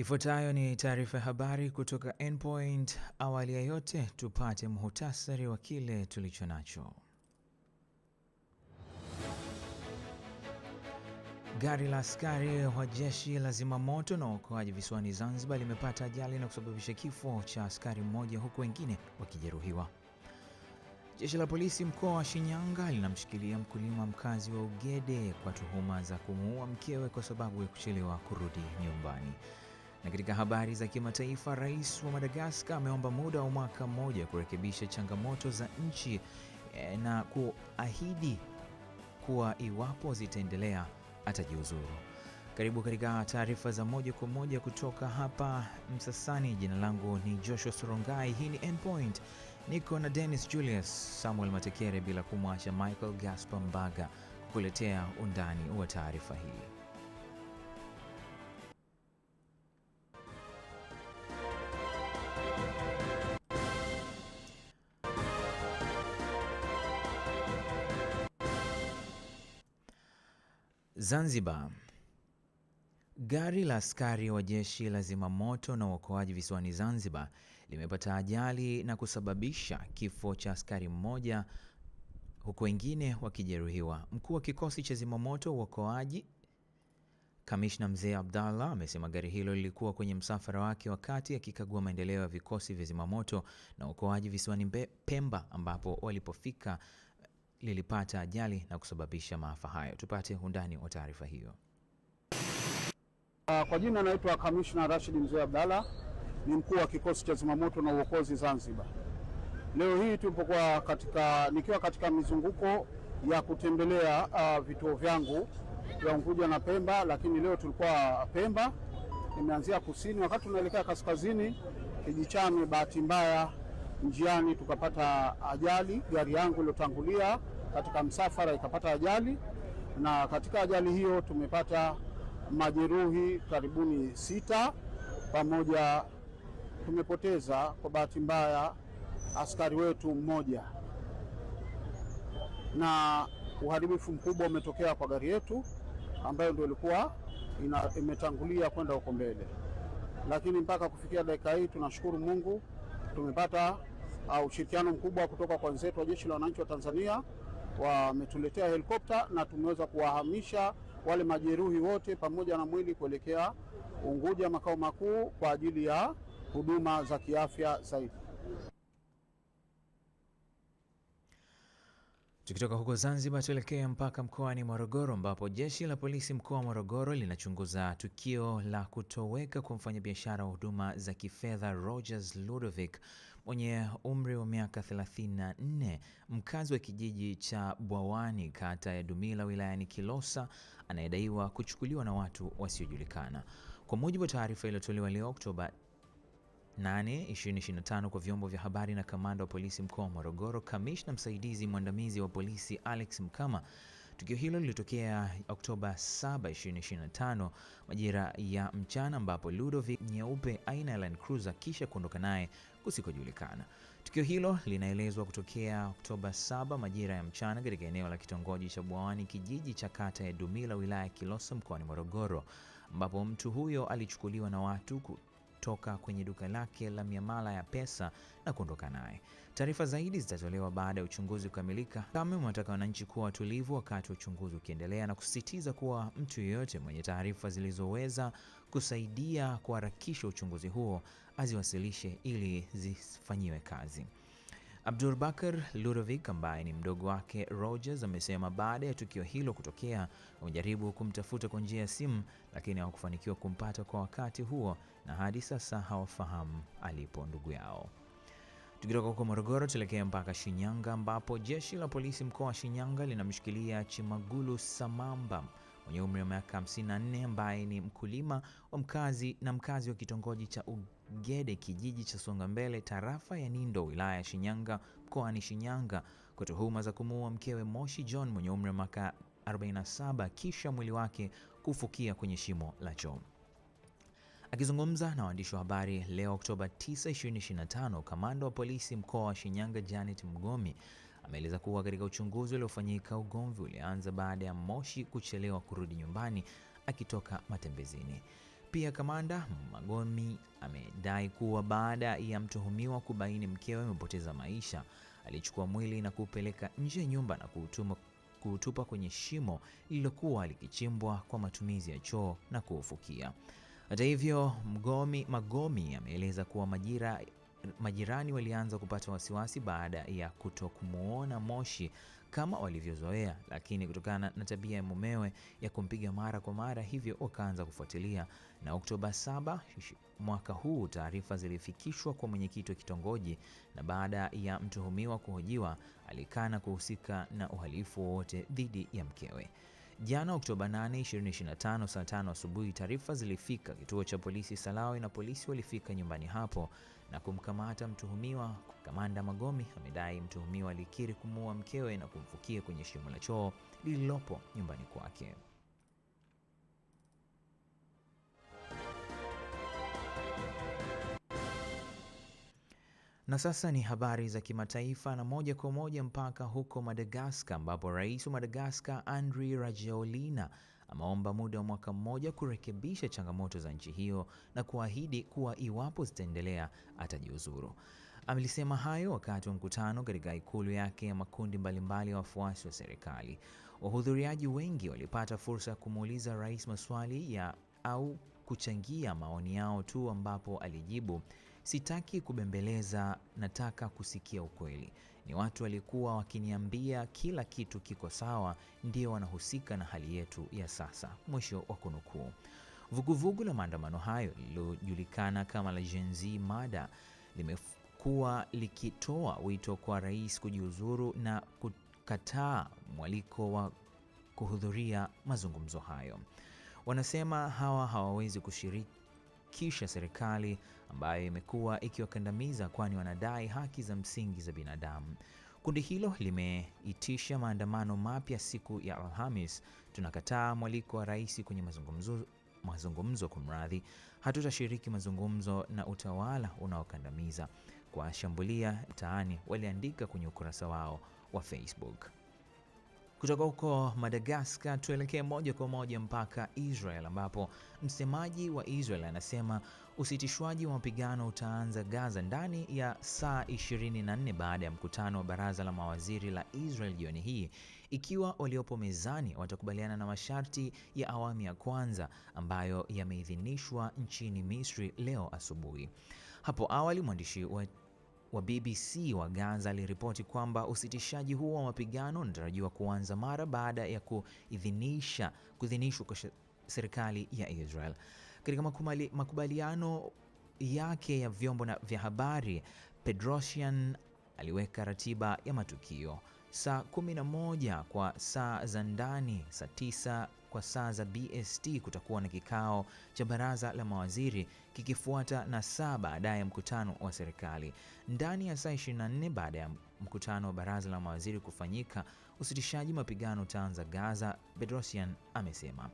Ifuatayo ni taarifa ya habari kutoka nPoint. Awali ya yote, tupate muhtasari wa kile tulicho nacho. Gari la askari wa jeshi la zimamoto na uokoaji visiwani Zanzibar limepata ajali na kusababisha kifo cha askari mmoja huku wengine wakijeruhiwa. Jeshi la polisi mkoa wa Shinyanga linamshikilia mkulima mkazi wa Ugede kwa tuhuma za kumuua mkewe kwa sababu ya kuchelewa kurudi nyumbani. Na katika habari za kimataifa, rais wa Madagaskar ameomba muda wa mwaka mmoja kurekebisha changamoto za nchi eh, na kuahidi kuwa iwapo zitaendelea atajiuzuru. Karibu katika taarifa za moja kwa moja kutoka hapa Msasani. Jina langu ni Joshua Sorongai. Hii ni Endpoint. niko na Dennis Julius Samuel Matekere, bila kumwacha Michael Gaspar Mbaga kukuletea undani wa taarifa hii. Zanzibar. Gari la askari wa jeshi la zimamoto na uokoaji visiwani Zanzibar limepata ajali na kusababisha kifo cha askari mmoja huku wengine wakijeruhiwa. Mkuu wa kikosi cha zimamoto uokoaji, Kamishna Mzee Abdallah amesema gari hilo lilikuwa kwenye msafara wake wakati akikagua maendeleo ya vikosi vya zimamoto na uokoaji visiwani Pemba ambapo walipofika lilipata ajali na kusababisha maafa hayo. Tupate undani wa taarifa hiyo. Kwa jina naitwa Kamishna Rashid Mzee Abdalla, ni mkuu wa kikosi cha zimamoto na uokozi Zanzibar. Leo hii tulipokuwa katika, nikiwa katika mizunguko ya kutembelea uh, vituo vyangu vya Unguja na Pemba, lakini leo tulikuwa Pemba, nimeanzia kusini. Wakati tunaelekea kaskazini Kijichame, bahati mbaya njiani tukapata ajali, gari yangu iliyotangulia katika msafara ikapata ajali, na katika ajali hiyo tumepata majeruhi karibuni sita, pamoja tumepoteza kwa bahati mbaya askari wetu mmoja, na uharibifu mkubwa umetokea kwa gari yetu ambayo ndio ilikuwa ina, imetangulia kwenda huko mbele, lakini mpaka kufikia dakika hii tunashukuru Mungu tumepata uh, ushirikiano mkubwa kutoka kwa wenzetu wa Jeshi la Wananchi wa Tanzania wametuletea helikopta na tumeweza kuwahamisha wale majeruhi wote pamoja na mwili kuelekea Unguja makao makuu kwa ajili ya huduma za kiafya zaidi. Tukitoka huko Zanzibar tuelekee mpaka mkoani Morogoro ambapo jeshi la polisi mkoa wa Morogoro linachunguza tukio la kutoweka kwa mfanyabiashara wa huduma za kifedha Rogers Ludovic mwenye umri wa miaka 34, mkazi wa kijiji cha Bwawani, kata ya Dumila, wilayani Kilosa, anayedaiwa kuchukuliwa na watu wasiojulikana. Kwa mujibu wa taarifa iliyotolewa leo Oktoba 8 2025 kwa vyombo vya habari na kamanda wa polisi mkoa wa Morogoro, kamishna msaidizi mwandamizi wa polisi Alex Mkama Tukio hilo lilitokea Oktoba 7, 2025 majira ya mchana, ambapo Ludovic nyeupe aina ya Land Cruiser kisha kuondoka naye kusikojulikana. Tukio hilo linaelezwa kutokea Oktoba 7 majira ya mchana katika eneo la kitongoji cha Bwawani, kijiji cha kata ya Dumila, wilaya ya Kilosa, mkoani Morogoro, ambapo mtu huyo alichukuliwa na watu kutoka kwenye duka lake la miamala ya pesa na kuondoka naye. Taarifa zaidi zitatolewa baada ya uchunguzi kukamilika. Kama umewataka wananchi kuwa watulivu wakati wa uchunguzi ukiendelea, na kusisitiza kuwa mtu yeyote mwenye taarifa zilizoweza kusaidia kuharakisha uchunguzi huo aziwasilishe ili zifanyiwe kazi. Abdulbakar Ludovic ambaye ni mdogo wake Rogers amesema baada ya tukio hilo kutokea wamejaribu kumtafuta kwa njia ya simu lakini hawakufanikiwa kumpata kwa wakati huo na hadi sasa hawafahamu alipo ndugu yao. Tukitoka huko Morogoro tuelekee mpaka Shinyanga ambapo jeshi la polisi mkoa wa Shinyanga linamshikilia Chimagulu Samamba mwenye umri wa miaka 54 ambaye ni mkulima wa mkazi na mkazi wa kitongoji cha Ugede kijiji cha songa mbele tarafa ya Nindo wilaya ya Shinyanga mkoani Shinyanga kwa tuhuma za kumuua mkewe Moshi John mwenye umri wa miaka 47 kisha mwili wake kufukia kwenye shimo la choo. Akizungumza na waandishi wa habari leo Oktoba 9, 2025, kamanda wa polisi mkoa wa Shinyanga Janet Mgomi ameeleza kuwa katika uchunguzi uliofanyika, ugomvi ulianza baada ya Moshi kuchelewa kurudi nyumbani akitoka matembezini. Pia kamanda Magomi amedai kuwa baada ya mtuhumiwa kubaini mkewe amepoteza maisha, alichukua mwili na kuupeleka nje ya nyumba na kuutuma kuutupa kwenye shimo lililokuwa likichimbwa kwa matumizi ya choo na kuufukia. Hata hivyo, Mgomi Magomi ameeleza kuwa majira majirani walianza kupata wasiwasi baada ya kutokumwona Moshi kama walivyozoea, lakini kutokana na tabia ya mumewe ya kumpiga mara kwa mara, hivyo wakaanza kufuatilia. Na Oktoba 7 mwaka huu taarifa zilifikishwa kwa mwenyekiti wa kitongoji, na baada ya mtuhumiwa kuhojiwa, alikana kuhusika na uhalifu wowote dhidi ya mkewe. Jana Oktoba 8, 2025 saa 5 asubuhi, taarifa zilifika kituo cha polisi Salawe na polisi walifika nyumbani hapo na kumkamata mtuhumiwa. Kamanda Magomi amedai mtuhumiwa alikiri kumuua mkewe na kumfukia kwenye shimo la choo lililopo nyumbani kwake. Na sasa ni habari za kimataifa na moja kwa moja mpaka huko Madagaskar ambapo rais wa Madagaskar Andry Rajoelina ameomba muda wa mwaka mmoja kurekebisha changamoto za nchi hiyo na kuahidi kuwa iwapo zitaendelea atajiuzuru. Amelisema hayo wakati wa mkutano katika ikulu yake ya makundi mbalimbali ya wafuasi wa serikali. Wahudhuriaji wengi walipata fursa ya kumuuliza rais maswali ya au kuchangia maoni yao tu, ambapo alijibu, sitaki kubembeleza, nataka kusikia ukweli. Ni watu walikuwa wakiniambia kila kitu kiko sawa, ndio wanahusika na hali yetu ya sasa. Mwisho wa kunukuu. Vuguvugu la maandamano hayo lililojulikana kama la Gen Z Mada limekuwa likitoa wito kwa rais kujiuzuru na kukataa mwaliko wa kuhudhuria mazungumzo hayo. Wanasema hawa hawawezi kushiriki kisha serikali ambayo imekuwa ikiwakandamiza, kwani wanadai haki za msingi za binadamu. Kundi hilo limeitisha maandamano mapya siku ya Alhamis. Tunakataa mwaliko wa rais kwenye mazungumzo mazungumzo kumradhi, hatutashiriki mazungumzo na utawala unaokandamiza, kwa shambulia mtaani, waliandika kwenye ukurasa wao wa Facebook. Kutoka huko Madagaskar tuelekee moja kwa moja mpaka Israel ambapo msemaji wa Israel anasema usitishwaji wa mapigano utaanza Gaza ndani ya saa 24 baada ya mkutano wa baraza la mawaziri la Israel jioni hii, ikiwa waliopo mezani watakubaliana na masharti ya awamu ya kwanza ambayo yameidhinishwa nchini Misri leo asubuhi. Hapo awali mwandishi wa wa BBC wa Gaza aliripoti kwamba usitishaji huo wa mapigano unatarajiwa kuanza mara baada ya kuidhinisha kuidhinishwa kwa serikali ya Israel. Katika makubaliano yake ya vyombo vya habari, Pedrosian aliweka ratiba ya matukio saa 11 kwa saa za ndani, saa 9 kwa saa za BST kutakuwa na kikao cha baraza la mawaziri kikifuata na saa baada ya mkutano wa serikali. Ndani ya saa 24 baada ya mkutano wa baraza la mawaziri kufanyika, usitishaji mapigano utaanza Gaza, Bedrosian amesema.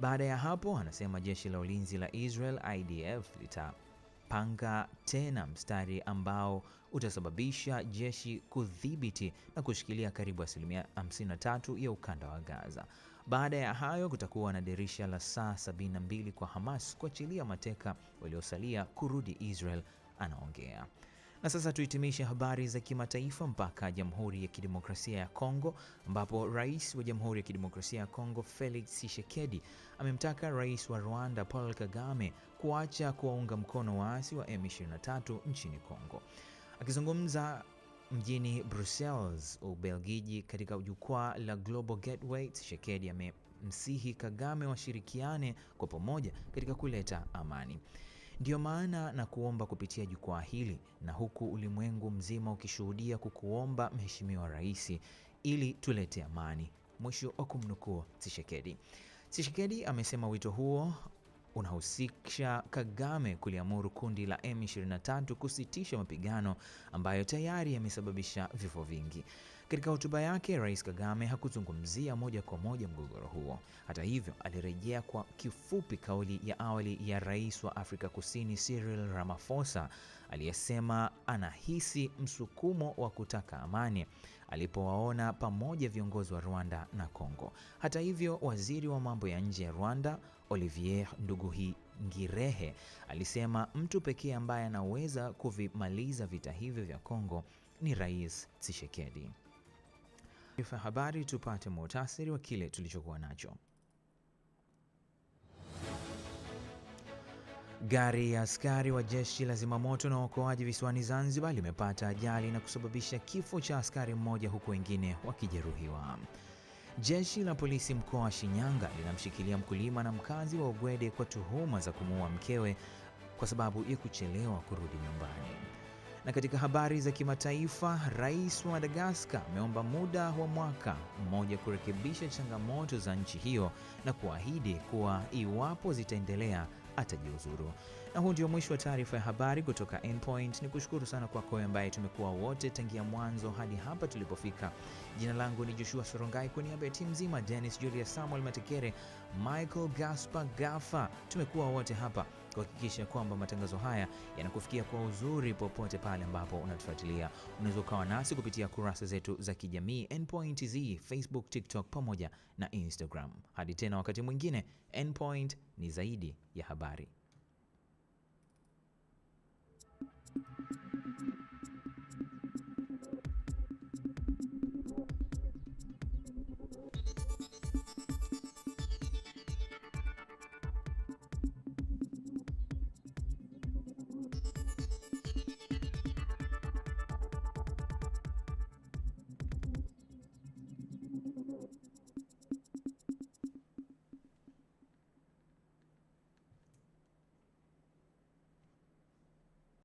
Baada ya hapo, anasema jeshi la ulinzi la Israel IDF litapanga tena mstari ambao utasababisha jeshi kudhibiti na kushikilia karibu asilimia 53 ya ukanda wa Gaza. Baada ya hayo kutakuwa na dirisha la saa 72 kwa Hamas kuachilia mateka waliosalia kurudi Israel, anaongea. Na sasa tuhitimishe habari za kimataifa mpaka Jamhuri ya Kidemokrasia ya Kongo ambapo Rais wa Jamhuri ya Kidemokrasia ya Kongo Felix Tshisekedi amemtaka Rais wa Rwanda Paul Kagame kuacha kuwaunga mkono waasi wa M23 nchini Kongo. Akizungumza Mjini Brussels, Ubelgiji, katika jukwaa la Global Gateway, Tshisekedi amemsihi Kagame washirikiane kwa pamoja katika kuleta amani. Ndiyo maana na kuomba kupitia jukwaa hili na huku ulimwengu mzima ukishuhudia kukuomba Mheshimiwa Rais ili tulete amani. Mwisho wa kumnukuu Tshisekedi. Tshisekedi amesema wito huo unahusisha Kagame kuliamuru kundi la M23 kusitisha mapigano ambayo tayari yamesababisha vifo vingi. Katika hotuba yake, Rais Kagame hakuzungumzia moja kwa moja mgogoro huo. Hata hivyo, alirejea kwa kifupi kauli ya awali ya Rais wa Afrika Kusini Cyril Ramaphosa aliyesema anahisi msukumo wa kutaka amani alipowaona pamoja viongozi wa Rwanda na Kongo. Hata hivyo, waziri wa mambo ya nje ya Rwanda Olivier Nduguyirehe alisema mtu pekee ambaye anaweza kuvimaliza vita hivyo vya Kongo ni Rais Tshisekedi ya habari, tupate muhtasari wa kile tulichokuwa nacho. Gari ya askari wa jeshi la zimamoto na uokoaji visiwani Zanzibar limepata ajali na kusababisha kifo cha askari mmoja huku wengine wakijeruhiwa. Jeshi la polisi mkoa wa Shinyanga linamshikilia mkulima na mkazi wa Ugwede kwa tuhuma za kumuua mkewe kwa sababu ya kuchelewa kurudi nyumbani. Na katika habari za kimataifa, rais wa Madagaskar ameomba muda wa mwaka mmoja kurekebisha changamoto za nchi hiyo na kuahidi kuwa iwapo zitaendelea atajiuzuru. Na huu ndio mwisho wa taarifa ya habari kutoka nPoint. Ni kushukuru sana kwako ambaye tumekuwa wote tangia mwanzo hadi hapa tulipofika. Jina langu ni Joshua Sorongai, kwa niaba ya timu nzima, Dennis Julius, Samuel Matekere, Michael Gaspar Gafa, tumekuwa wote hapa kuhakikisha kwamba matangazo haya yanakufikia kwa uzuri popote pale ambapo unatufuatilia. Unaweza ukawa nasi kupitia kurasa zetu za kijamii nPoint TZ, Facebook, TikTok pamoja na Instagram. Hadi tena wakati mwingine, nPoint ni zaidi ya habari.